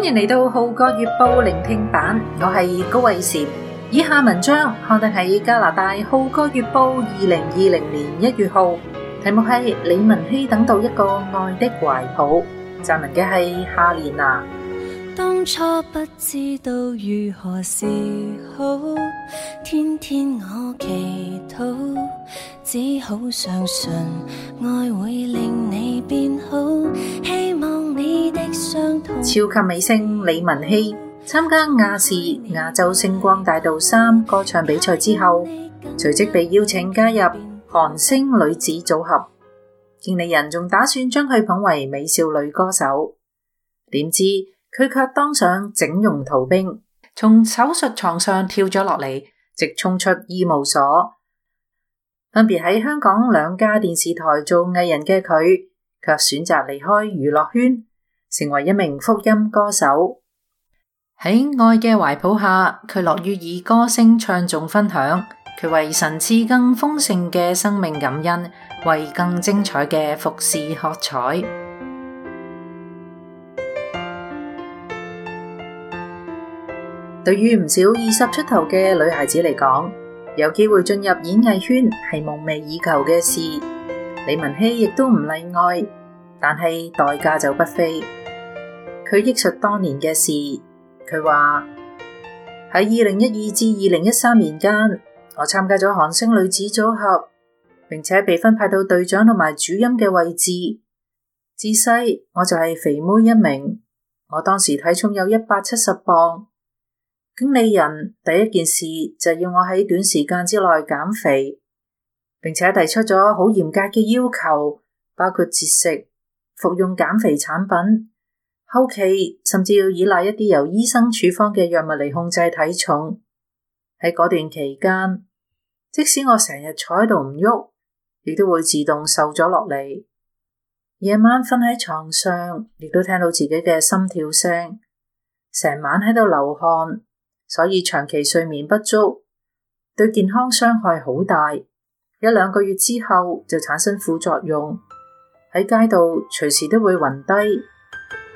歡迎嚟到《浩哥月報》聆聽版，我係高慧嫻。以下文章刊登喺加拿大《浩哥月報》二零二零年一月號，題目係《李雯希等到一個愛的懷抱》，撰文嘅係夏蓮娜。當初不知道如何是好，天天我祈禱，只好相信愛會令你變好，希望。超級美聲李雯希參加亞視《亞洲星光大道》三歌唱比賽之後，隨即被邀請加入韓星女子組合，經理人仲打算將佢捧為美少女歌手。點知佢卻當上整容逃兵，從手術床上跳咗落嚟，直衝出醫務所。分別喺香港兩家電視台做藝人嘅佢，卻選擇離開娛樂圈。成為一名福音歌手。喺愛嘅懷抱下，佢樂於以歌聲唱頌分享。佢為神賜更豐盛嘅生命感恩，為更精彩嘅服事喝彩。對於唔少二十出頭嘅女孩子嚟講，有機會進入演藝圈係夢寐以求嘅事。李雯希亦都唔例外，但係代價就不菲。佢憶述當年嘅事，佢話喺二零一二至二零一三年間，我參加咗韓星女子組合，並且被分派到隊長同埋主音嘅位置。自細我就係肥妹一名，我當時體重有一百七十磅。經理人第一件事就係要我喺短時間之內減肥，並且提出咗好嚴格嘅要求，包括節食、服用減肥產品。後期甚至要依賴一啲由醫生處方嘅藥物嚟控制體重。喺嗰段期間，即使我成日坐喺度唔喐，亦都會自動瘦咗落嚟。夜晚瞓喺床上，亦都聽到自己嘅心跳聲，成晚喺度流汗，所以長期睡眠不足對健康傷害好大。一兩個月之後就產生副作用，喺街度隨時都會暈低。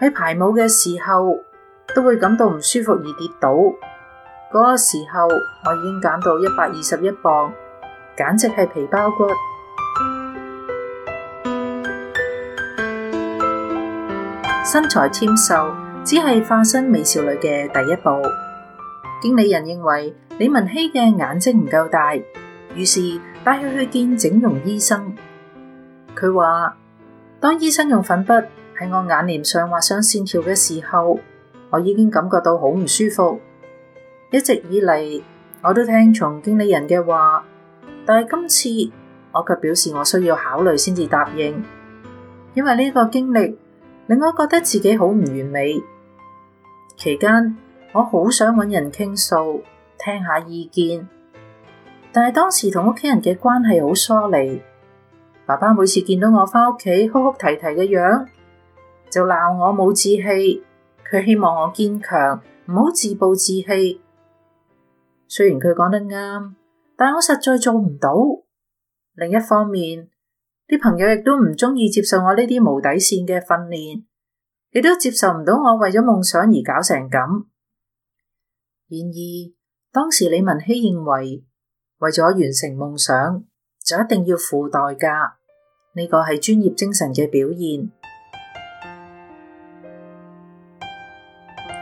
喺排舞嘅時候都會感到唔舒服而跌倒，嗰個時候我已經減到一百二十一磅，簡直係皮包骨。身材纖瘦只係化身美少女嘅第一步。經理人認為李雯希嘅眼睛唔夠大，於是帶佢去見整容醫生。佢話：當醫生用粉筆。喺我眼簾上畫上線條嘅時候，我已經感覺到好唔舒服。一直以嚟我都聽從經理人嘅話，但係今次我卻表示我需要考慮先至答應，因為呢個經歷令我覺得自己好唔完美。期間我好想揾人傾訴，聽下意見，但係當時同屋企人嘅關係好疏離。爸爸每次見到我返屋企哭哭啼啼嘅樣，就鬧我冇志氣，佢希望我堅強，唔好自暴自棄。雖然佢講得啱，但我實在做唔到。另一方面，啲朋友亦都唔中意接受我呢啲無底線嘅訓練，亦都接受唔到我為咗夢想而搞成咁。然而，當時李雯希認為，為咗完成夢想，就一定要付代價，呢個係專業精神嘅表現。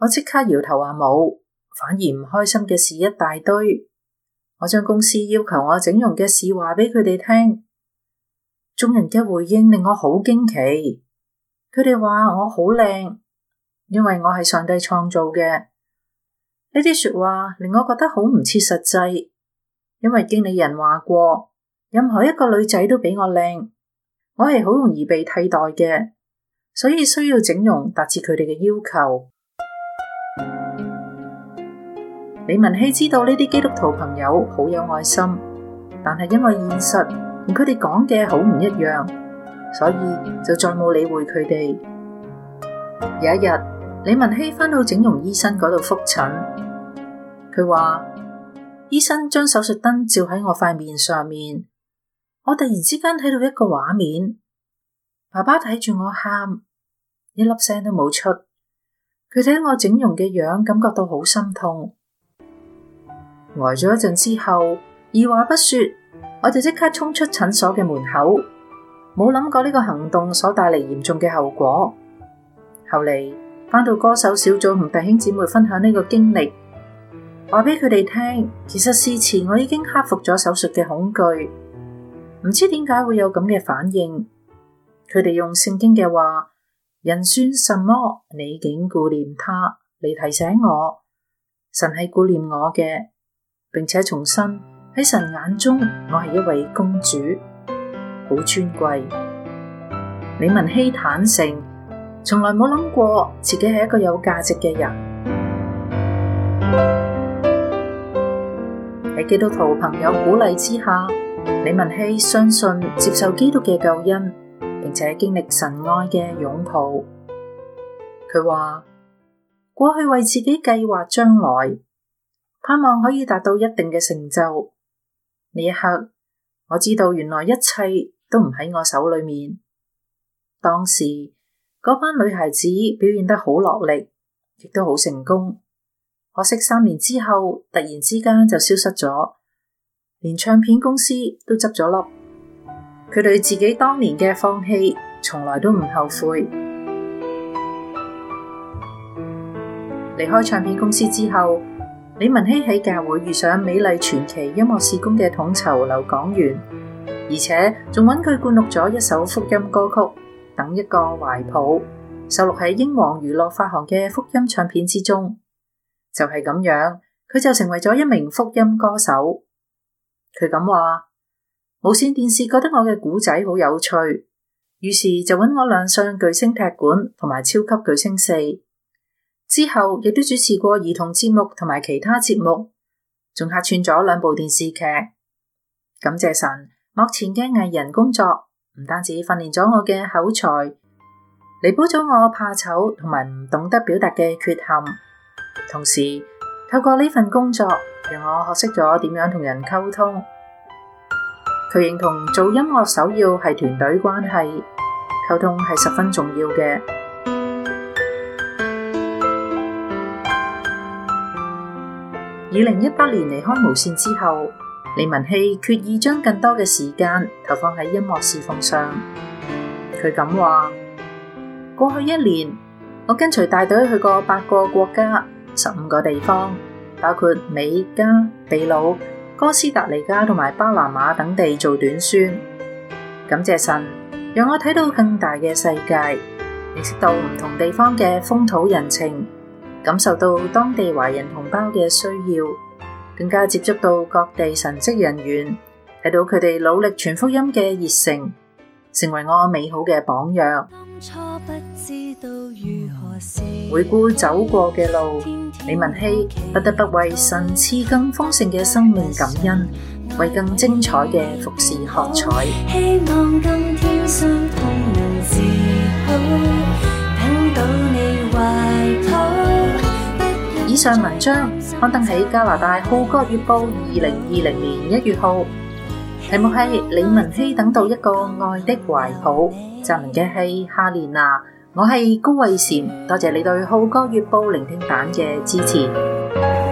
我即刻搖頭話冇，反而唔開心嘅事一大堆。我將公司要求我整容嘅事話俾佢哋聽，眾人嘅回應令我好驚奇。佢哋話我好靚，因為我係上帝創造嘅。呢啲說話令我覺得好唔切實際，因為經理人話過，任何一個女仔都比我靚，我係好容易被替代嘅，所以需要整容達至佢哋嘅要求。李雯希知道呢啲基督徒朋友好有愛心，但係因為現實同佢哋講嘅好唔一樣，所以就再冇理會佢哋。有一日，李雯希返到整容醫生嗰度復診，佢話醫生將手術燈照喺我塊面上面，我突然之間睇到一個畫面，爸爸睇住我喊，一粒聲都冇出，佢睇我整容嘅樣，感覺到好心痛。呆咗一陣之後，二話不說，我就即刻衝出診所嘅門口，冇諗過呢個行動所帶嚟嚴重嘅後果。後嚟翻到歌手小組同弟兄姊妹分享呢個經歷，話畀佢哋聽，其實事前我已經克服咗手術嘅恐懼，唔知點解會有咁嘅反應。佢哋用聖經嘅話：人算什麼？你竟顧念他嚟提醒我，神係顧念我嘅。並且重申，喺神眼中，我係一位公主，好尊貴。李雯希坦誠，從來冇諗過自己係一個有價值嘅人。喺 基督徒朋友鼓勵之下，李雯希相信接受基督嘅救恩，並且經歷神愛嘅擁抱。佢話過去為自己計劃將來，盼望可以達到一定嘅成就，呢一刻我知道原來一切都唔喺我手裏面。當時嗰班女孩子表現得好落力，亦都好成功。可惜三年之後突然之間就消失咗，連唱片公司都執咗笠。佢對自己當年嘅放棄，從來都唔後悔。離開唱片公司之後，李雯希喺教會遇上美麗傳奇音樂事工嘅統籌劉廣源，而且仲搵佢灌錄咗一首福音歌曲《等一個懷抱》，收錄喺英皇娛樂發行嘅福音唱片之中。就係咁樣，佢就成為咗一名福音歌手。佢咁話：無線電視覺得我嘅古仔好有趣，於是就搵我亮相巨聲踢館同埋超級巨聲四。之後亦都主持過兒童節目同埋其他節目，仲客串咗兩部電視劇。感謝神，幕前嘅藝人工作唔單止訓練咗我嘅口才，彌補咗我怕醜同埋唔懂得表達嘅缺陷，同時透過呢份工作，讓我學識咗點樣同人溝通。佢認同做音樂首要係團隊關係，溝通係十分重要嘅。二零一八年離開無綫之後，李雯希決意將更多嘅時間投放喺音樂事奉上。佢咁話：過去一年，我跟隨大隊去過八個國家，十五個地方，包括美加、秘魯、哥斯達黎加同埋巴拿馬等地做短宣。感謝神，讓我睇到更大嘅世界，認識到唔同地方嘅風土人情。感受到當地華人同胞嘅需要，更加接觸到各地神職人員，睇到佢哋努力傳福音嘅熱誠，成為我美好嘅榜樣。回顧走過嘅路，李雯希不得不為神賜更豐盛嘅生命感恩，為更精彩嘅服事喝彩。以上文章刊登喺加拿大《號角月報》二零二零年一月號，題目係李雯希等到一個愛的懷抱。撰文嘅係夏蓮娜，我係高慧嫻，多謝你對《號角月報聆聽版》嘅支持。